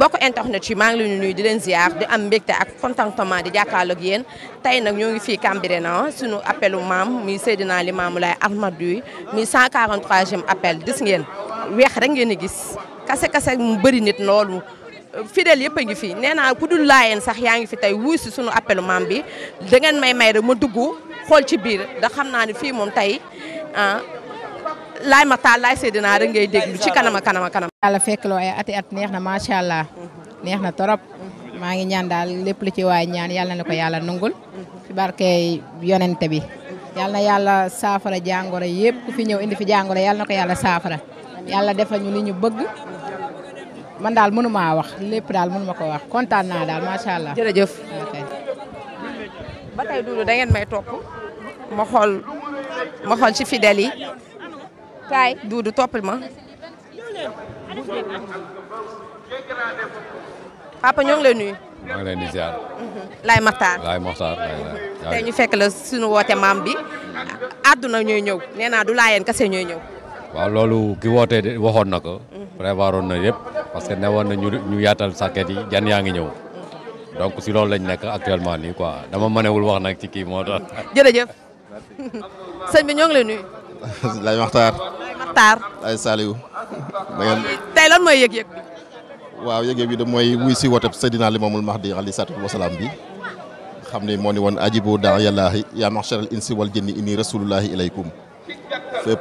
bokk internet yi maa ngi leen di nuyu di leen ziar di am mbégte ak contentement di jàkkaarloog yéen tey nag ñoo ngi fii Cambérène ah, suñu appelu maam muy Seydina Limamou Laye Almadiou muy 143e appel gis ngeen weex rek ngeen di gis kase kase mu bëri nit loolu fidèle yëpp a ngi fi nee naa ku dul laayeen sax yaa ngi fi tey wuy si suñu appelu maam bi da ngeen may may rek ma dugg xool ci biir da xam naa ne fii moom tey ah laay ma taal laay Seydina rek ngay déglu ci kanama kanama kanam yàlla fekk loo ay ati at neex na macha allah mhm. neex na torop maa ngi ñaan daal lépp lu ci waay ñaan yàlla ne ko yàlla nungul mhm. ci barke yonente bi mhm. yàlla na yàlla saafara jàngoro yëpp ku fi ñëw indi fi jàngoro yàlla na ko yàlla saafara yàlla defal ñu li ñu bëgg man daal mënu wax lépp daal mënu ko wax kontaan naa daal macha allah. jërëjëf ba ma xool ma xool ci fidèles yi kaay Duudu toppil ma papa ñoo ngi lay nuyu. maa leen di ziar. Mhm. Laye Makhtar Laye Makhtar ñu fekk la suñu woote maam bi àdduna ñooy ñëw nee naa du laayeen kese ñooy ñëw. waaw loolu ki woote waxoon na ko. Mhm. prévoir na yépp parce que war na ñu yaatal sàkket yi jan yaa ngi ñëw. Mhm. donc si loolu lañ nekk actuellement nii quoi dama mënewul wax na ci kii moo tax. jërëjëf bi ñoo ngi lay nuyu. Makhtar. ay Saliou. da ngeen mooy yëg-yëg bi. waaw yëg-yëg de mooy wuy si woteeb Seydina Limaamul Mahdi alayhi salaatu wasalaam bi. xam ne moo ni won ajibu daa yallaahi yaa maxcharal insi wal jinni inni rasulullahi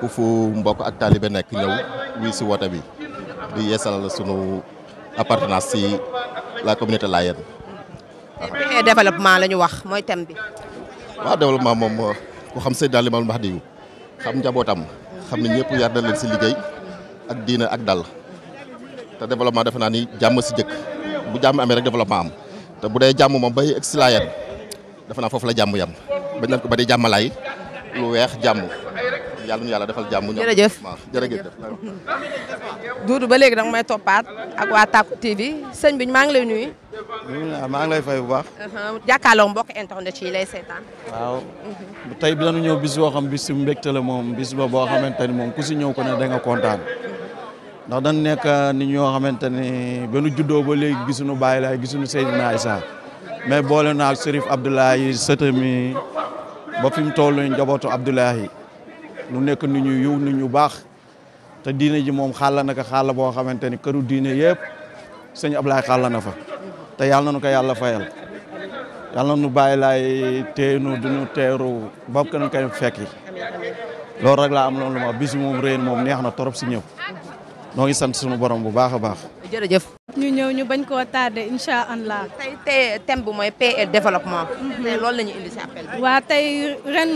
fu mbokk ak taalibe nekk wuy si woote bi di yeesalal sunu appartenance si la communauté Layène. waaw eh, développement wax mooy thème bi. waaw développement moom ku xam Seydina Limaamul Mahdi yu xam njabootam. xam ne ñëpp yar na leen si liggéey ak diina ak dal te développement defe naa ni jàmm si jëkk bu jàmm amee rek développement am te bu dee bay moom bay exilaayan defe naa foofu la jàmm yam bañ naan ko ba dee jàmmalaay lu weex jàmm yàlla nu yàlla defal jàmm. jërëjëf jërëjëf Doudou ba léegi danga may toppaat ak waa Tacko TV sëñ bi maa ngi lay nuyu. maa ngi lay fay bu baax. Uh-huh. jàkkaarloo mbokk internet yi lay seetaan. waaw tey bi dañu ñëw bis boo xam bis mbégte la moom bis ba boo xamante ni moom ku si ñëw ko ne da nga kontaan. ndax dañ nekk nit ñoo xamante ni ba juddoo ba léegi gisuñu Baye Laye gisuñu Seydina Issa mais boole naa ak Serif Abdoulaye sëtami ba fi mu toll nii njabootu Abdoulaye nu nekk nuñu ñu yiw nit ñu baax te diine ji moom xaala naka xaala boo xamante ni këru diine yëpp sëñ Ablaye xaala na fa te yàlla na nu ko yàlla fayal yàlla na nu bàyyi laay teenu du ñu teeru ba ko nu koy fekki loolu rek laa am loolu ma bis moom réen moom neex na torop si ñëw noo ngi sant sunu borom bu baax a baax. ñu ñëw ñu bañ koo tardé incha allah. tey tey bi mooy PL développement. Mhm. tey loolu la ñu indi si appel bi. waaw tey ren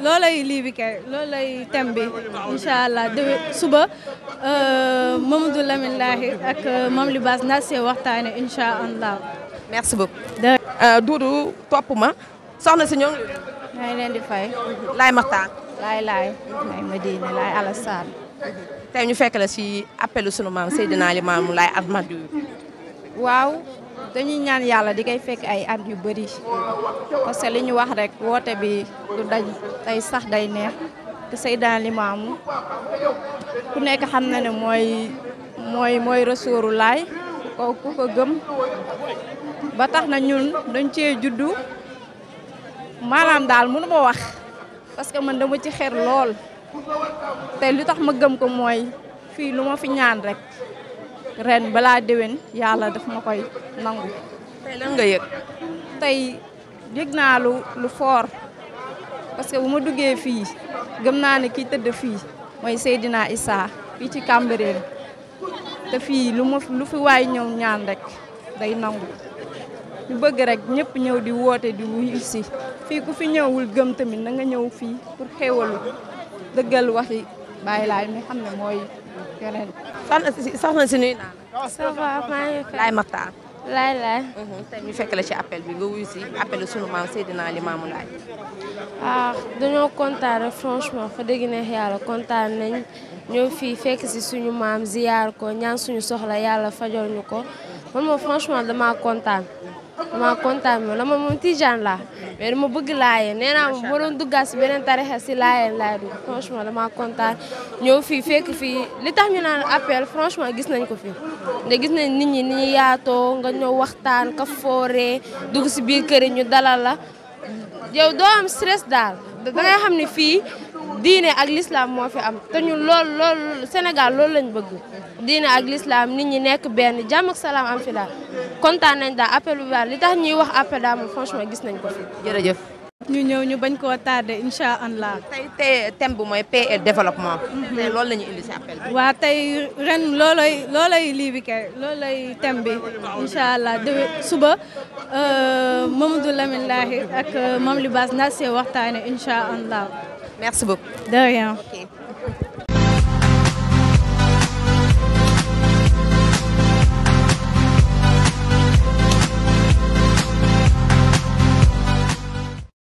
loolooy lii bi kay loolooy thème bi incha allah de suba euh, Mamadou Lamine Lahi ak euh, Mame Libaas naa see waxtaane incha allah. merci beaucoup. Euh, Doudou topp ma soxna si ñoom. maa leen di fay. Laay Maxtaan. Laay Laay. may Madina Laay Alassane. tey ñu fekk la ci appelu sunu maam Seydina Limaamu Laay at mat waaw dañuy ñaan yàlla di koy fekk ay at yu bëri parce li ñu wax rek woote bi du daj tey sax day neex te Seydina Limaamu ku nekk xam na ne mooy mooy mooy resooru laay ko ku ko gëm ba tax na ñun dañ cee juddu maanaam daal mënu ma wax parce que man dama ci xer lool te lu tax ma gëm ko mooy fii lu ma fi ñaan rek ren balaa dewen yàlla daf ma koy nangu. tey lan nga yëg. tey jëg naa lu lu fort parce que bu ma duggee fii gëm naa ne kii tëdd fii mooy naa isaa fii ci Cambérène te fii lu ma lu fi waay ñëw ñaan rek day nangu. ñu bëgg rek ñépp ñëw di woote di wuyu fii ku fi ñëwul gëm tamit na nga ñëw fii pour xéwalu. dëggal waxi bàyyi laay mi xam ne mooy keneen. soxna si soxna si nuyu naa la. ça maa ngi mhm, ñu fekk la ci appel bi nga wuyu si appelu suñu maam Seydina Limaamu Laay. ah dañoo kontaan rek franchement fa dëgg neex yàlla kontaan nañ ñëw fii fekk si suñu maam ziyaar ko ñaan suñu soxla yàlla fajal ñu ko man moom franchement dama kontaan. ma kontaan ma la ma moom Tijaan laa mais dama bëgg laayeen nee naa ma waroon duggaat si beneen tarixa si laayeen laay dugg franchement dama kontaan ñëw fii fekk fii li tax ñu naan appel franchement gis nañ ko fii nde gis nañ nit ñi ni yaatoo nga ñëw waxtaan ka foore dugg si biir kër yi ñu dalal la yow doo am stress daal da ngay xam fii diine ak l'islam moo fi am te ñun loolu loolu Sénégal loolu lañ bëgg diine ak l'islam nit ñi nekk benn jàmm ak salaam am fi daal kontaan nañ daal appel bu baax li tax ñuy wax appel daal moom franchement gis nañ ko fi jërëjëf ñu ñëw ñu bañ koo tardé incha allah. tey tey bu mooy paix développement. Mhm. loolu la ñu indi bi. waaw tey ren loolooy loolooy lii bi kay loolooy allah déwén suba euh, Mamadou Lamine Lahi ak li euh, Libasse naa see waxtaanee incha allah. Merci beaucoup. De rien. Okay.